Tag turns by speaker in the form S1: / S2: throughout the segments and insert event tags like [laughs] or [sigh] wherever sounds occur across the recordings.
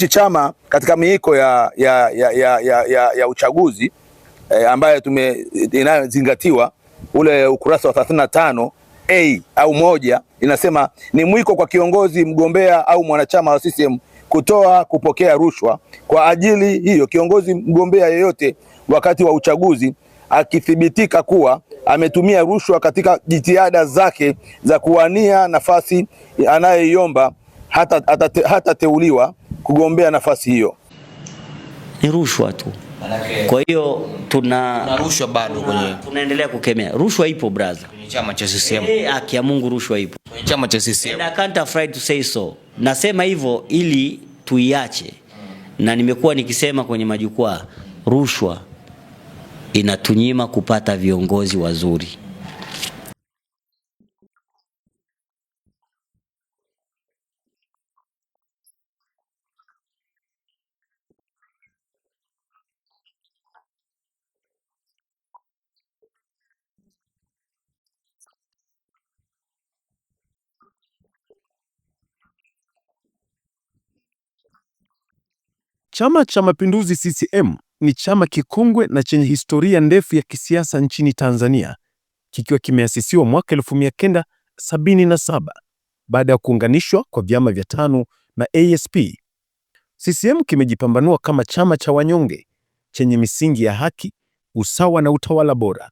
S1: Hichi chama katika miiko ya, ya, ya, ya, ya, ya, ya uchaguzi e, ambayo tume inayozingatiwa ule ukurasa wa 35 a au moja inasema ni mwiko kwa kiongozi mgombea au mwanachama wa CCM kutoa kupokea rushwa kwa ajili hiyo. Kiongozi mgombea yeyote wakati wa uchaguzi akithibitika kuwa ametumia rushwa katika jitihada zake za kuwania nafasi anayoiomba hata, hata, hata teuliwa kugombea nafasi hiyo
S2: ni rushwa tu. Kwa hiyo tuna, rushwa bado kwenye ah, tunaendelea kukemea rushwa. Ipo brother,
S3: kwenye chama cha CCM. Eh,
S2: eh haki ya Mungu, rushwa ipo
S3: kwenye chama cha CCM.
S2: I can't afraid to say so. Nasema hivyo ili tuiache, na nimekuwa nikisema kwenye majukwaa, rushwa inatunyima kupata viongozi wazuri.
S4: Chama cha Mapinduzi CCM ni chama kikongwe na chenye historia ndefu ya kisiasa nchini Tanzania, kikiwa kimeasisiwa mwaka 1977 baada ya kuunganishwa kwa vyama vya tano na ASP. CCM kimejipambanua kama chama cha wanyonge chenye misingi ya haki, usawa na utawala bora.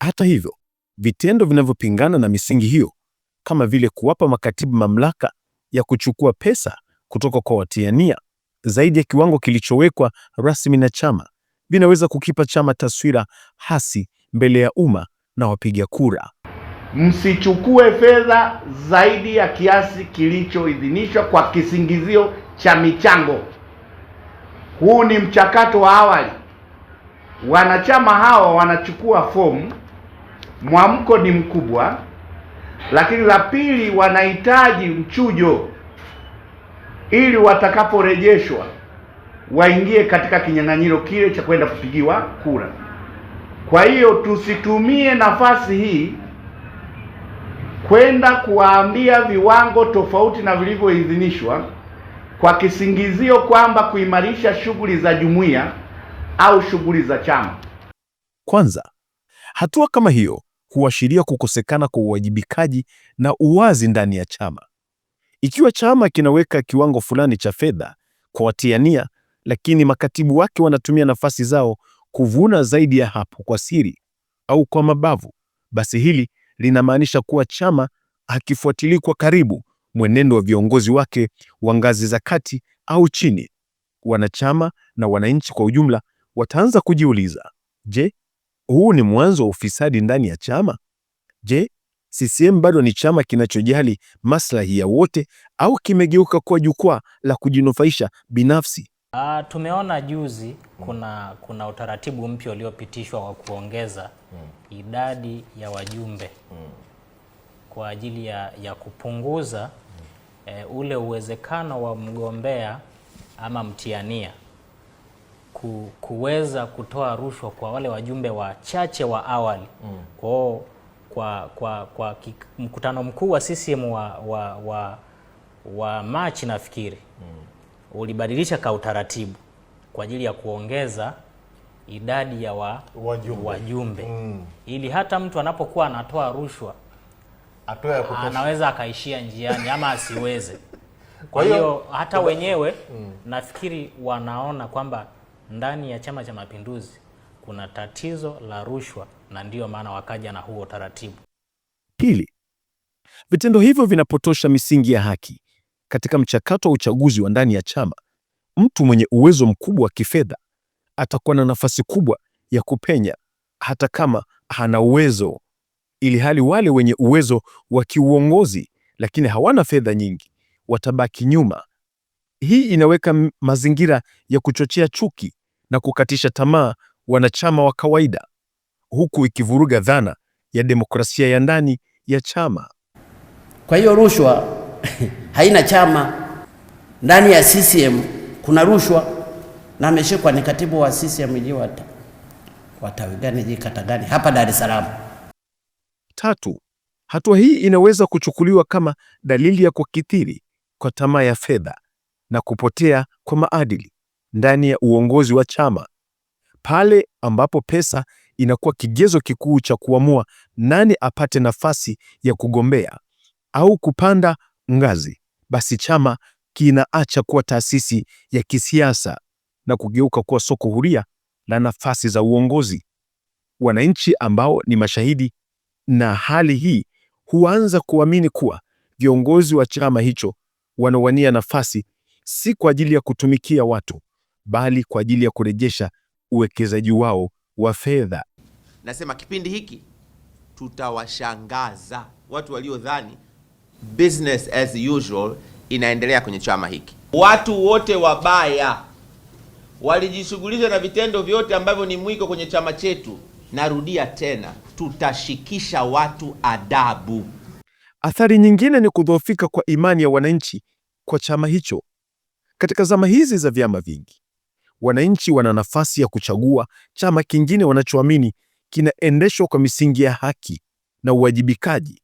S4: Hata hivyo, vitendo vinavyopingana na misingi hiyo kama vile kuwapa makatibu mamlaka ya kuchukua pesa kutoka kwa watiania zaidi ya kiwango kilichowekwa rasmi na chama vinaweza kukipa chama taswira hasi mbele ya umma na wapiga kura.
S5: Msichukue fedha zaidi ya kiasi kilichoidhinishwa kwa kisingizio cha michango. Huu ni mchakato wa awali. Wanachama hawa wanachukua fomu, mwamko ni mkubwa, lakini la pili, wanahitaji mchujo ili watakaporejeshwa waingie katika kinyang'anyiro kile cha kwenda kupigiwa kura. Kwa hiyo tusitumie nafasi hii kwenda kuwaambia viwango tofauti na vilivyoidhinishwa kwa kisingizio kwamba kuimarisha shughuli za jumuiya au shughuli za chama.
S4: Kwanza, hatua kama hiyo huashiria kukosekana kwa uwajibikaji na uwazi ndani ya chama. Ikiwa chama kinaweka kiwango fulani cha fedha kwa watiania lakini makatibu wake wanatumia nafasi zao kuvuna zaidi ya hapo kwa siri au kwa mabavu, basi hili linamaanisha kuwa chama hakifuatilii kwa karibu mwenendo wa viongozi wake wa ngazi za kati au chini. Wanachama na wananchi kwa ujumla wataanza kujiuliza, je, huu ni mwanzo wa ufisadi ndani ya chama? Je, CCM bado ni chama kinachojali maslahi ya wote au kimegeuka kuwa jukwaa la kujinufaisha binafsi?
S6: Uh, tumeona juzi kuna, kuna utaratibu mpya uliopitishwa wa kuongeza hmm, idadi ya wajumbe hmm, kwa ajili ya, ya kupunguza hmm, eh, ule uwezekano wa mgombea ama mtiania kuweza kutoa rushwa kwa wale wajumbe wachache wa awali mm. kwao kwa, kwa, kwa mkutano mkuu wa CCM wa, wa, wa, wa Machi nafikiri mm. ulibadilisha ka utaratibu kwa ajili ya kuongeza idadi ya wa, wajumbe, wajumbe. Mm. ili hata mtu anapokuwa anatoa rushwa anaweza akaishia njiani ama asiweze. [laughs] Kwa hiyo hata wenyewe mm. nafikiri wanaona kwamba ndani ya Chama cha Mapinduzi kuna tatizo la rushwa na ndiyo maana wakaja na huo taratibu.
S4: Pili, vitendo hivyo vinapotosha misingi ya haki. Katika mchakato wa uchaguzi wa ndani ya chama, mtu mwenye uwezo mkubwa wa kifedha atakuwa na nafasi kubwa ya kupenya hata kama hana uwezo, ili hali wale wenye uwezo wa kiuongozi lakini hawana fedha nyingi watabaki nyuma. Hii inaweka mazingira ya kuchochea chuki na kukatisha tamaa wanachama wa kawaida huku ikivuruga dhana ya demokrasia ya ndani ya chama.
S2: Kwa hiyo rushwa [laughs] haina chama. Ndani ya CCM kuna rushwa, na ameshikwa ni katibu wa CCM iliyo watawi gani jikata gani hapa Dar es Salaam.
S4: Tatu, hatua hii inaweza kuchukuliwa kama dalili ya kukithiri kwa tamaa ya fedha na kupotea kwa maadili ndani ya uongozi wa chama pale ambapo pesa inakuwa kigezo kikuu cha kuamua nani apate nafasi ya kugombea au kupanda ngazi, basi chama kinaacha kuwa taasisi ya kisiasa na kugeuka kuwa soko huria la nafasi za uongozi. Wananchi ambao ni mashahidi na hali hii huanza kuamini kuwa viongozi wa chama hicho wanawania nafasi si kwa ajili ya kutumikia watu, bali kwa ajili ya kurejesha uwekezaji wao wa fedha
S7: nasema kipindi hiki tutawashangaza watu waliodhani business as usual inaendelea kwenye chama hiki. Watu wote wabaya walijishughulisha na vitendo vyote ambavyo ni mwiko kwenye chama chetu. Narudia tena, tutashikisha watu adabu.
S4: Athari nyingine ni kudhoofika kwa imani ya wananchi kwa chama hicho. Katika zama hizi za vyama vingi, wananchi wana nafasi ya kuchagua chama kingine wanachoamini kinaendeshwa kwa misingi ya haki na uwajibikaji.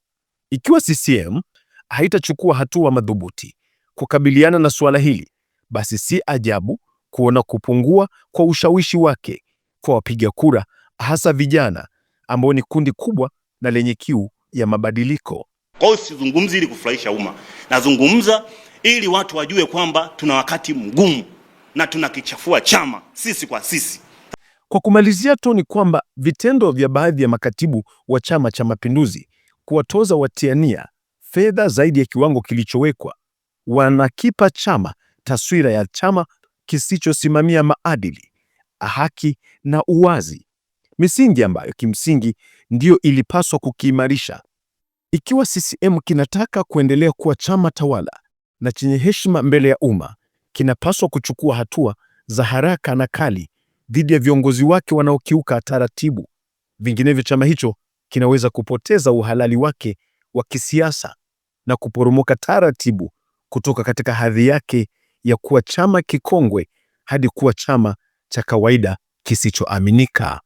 S4: Ikiwa CCM haitachukua hatua madhubuti kukabiliana na suala hili, basi si ajabu kuona kupungua kwa ushawishi wake kwa wapiga kura, hasa vijana ambao ni kundi kubwa na lenye kiu ya mabadiliko.
S8: Kwa hiyo sizungumzi ili kufurahisha umma, nazungumza ili watu wajue kwamba tuna wakati mgumu na tunakichafua chama sisi kwa sisi.
S4: Kwa kumalizia tu ni kwamba vitendo vya baadhi ya makatibu wa Chama cha Mapinduzi kuwatoza watiania fedha zaidi ya kiwango kilichowekwa wanakipa chama taswira ya chama kisichosimamia maadili, haki na uwazi, misingi ambayo kimsingi ndiyo ilipaswa kukiimarisha. Ikiwa CCM kinataka kuendelea kuwa chama tawala na chenye heshima mbele ya umma, kinapaswa kuchukua hatua za haraka na kali dhidi ya viongozi wake wanaokiuka taratibu. Vinginevyo chama hicho kinaweza kupoteza uhalali wake wa kisiasa na kuporomoka taratibu kutoka katika hadhi yake ya kuwa chama kikongwe hadi kuwa chama cha kawaida kisichoaminika.